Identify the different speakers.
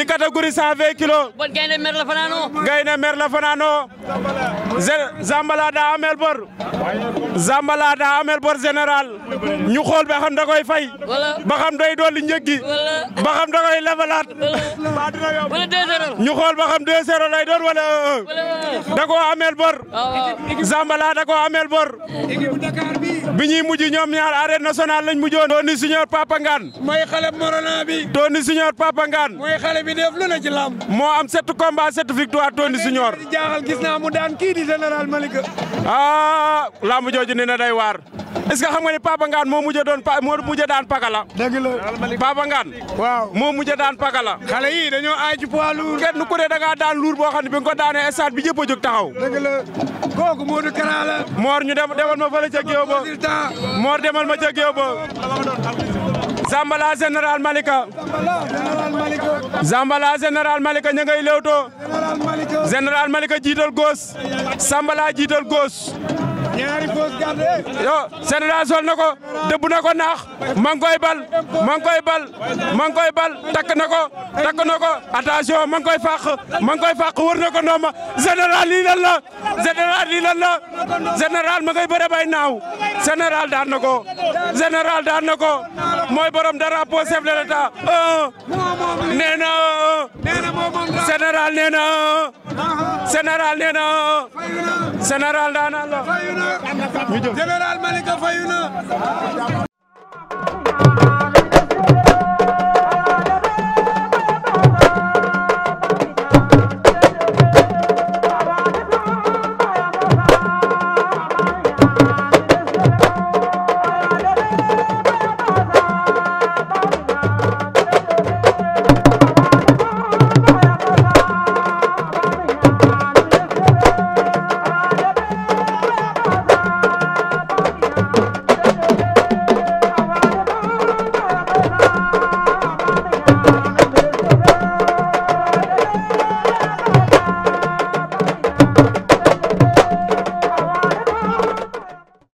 Speaker 1: ci catégorie 120 kilos. bon gaynde mer la fanaanoo. gaynde mer la fanaanoo. Zambala daa amel bor. Zambala daa amel bor général. ñu xool ba fay. ba xam day dolli njëg gi. ba xam da koy lebalaat. ñu xool ba wala 1 amel bor. Ah, ah. Zambala da amel bor. bi ñuy mujj ñoom ñaar arène nationale lañ mujjoon dooni siñoor Papa Ngane mooy xale morona bi siñoor Papa Ngane mooy xale bi def lu na ci lamb moo am sept combat sept victoire dooni siñoor jaaxal gis mu daan kii di général Malika ah lamb ne na day waar est-ce que xam nga ne Papa Ngane daan Pakala. dëgg la Papa Ngane. daan Pakala. xale yi dañoo aay ci poids lourd. kenn ku ne da daan lourd boo xam ne bi nga ko daanee taxaw. dëgg la kooku Modou demal ma fële ca géew ba Mor demal ma ca géew ba. Zambala Malika. Zambala général Malika ña ngay lewtoo. Malika jiital góos. Sambala jiital góos. ñaari fausse garde yo Général sol dëbb na ko naax ma ngi koy bal ma ngi koy bal ma ngi koy bal takk na ko takk na ko attention ma ngi koy fàq ma ngi koy fàq wër na ko ndoom Général lii lan la lii lan la Général ma ngay bëre bay naaw Général daan na ko Général daan mooy borom drapeau chef de l'État nee na Général nee na général nee na général daanaan la général Malika fayu na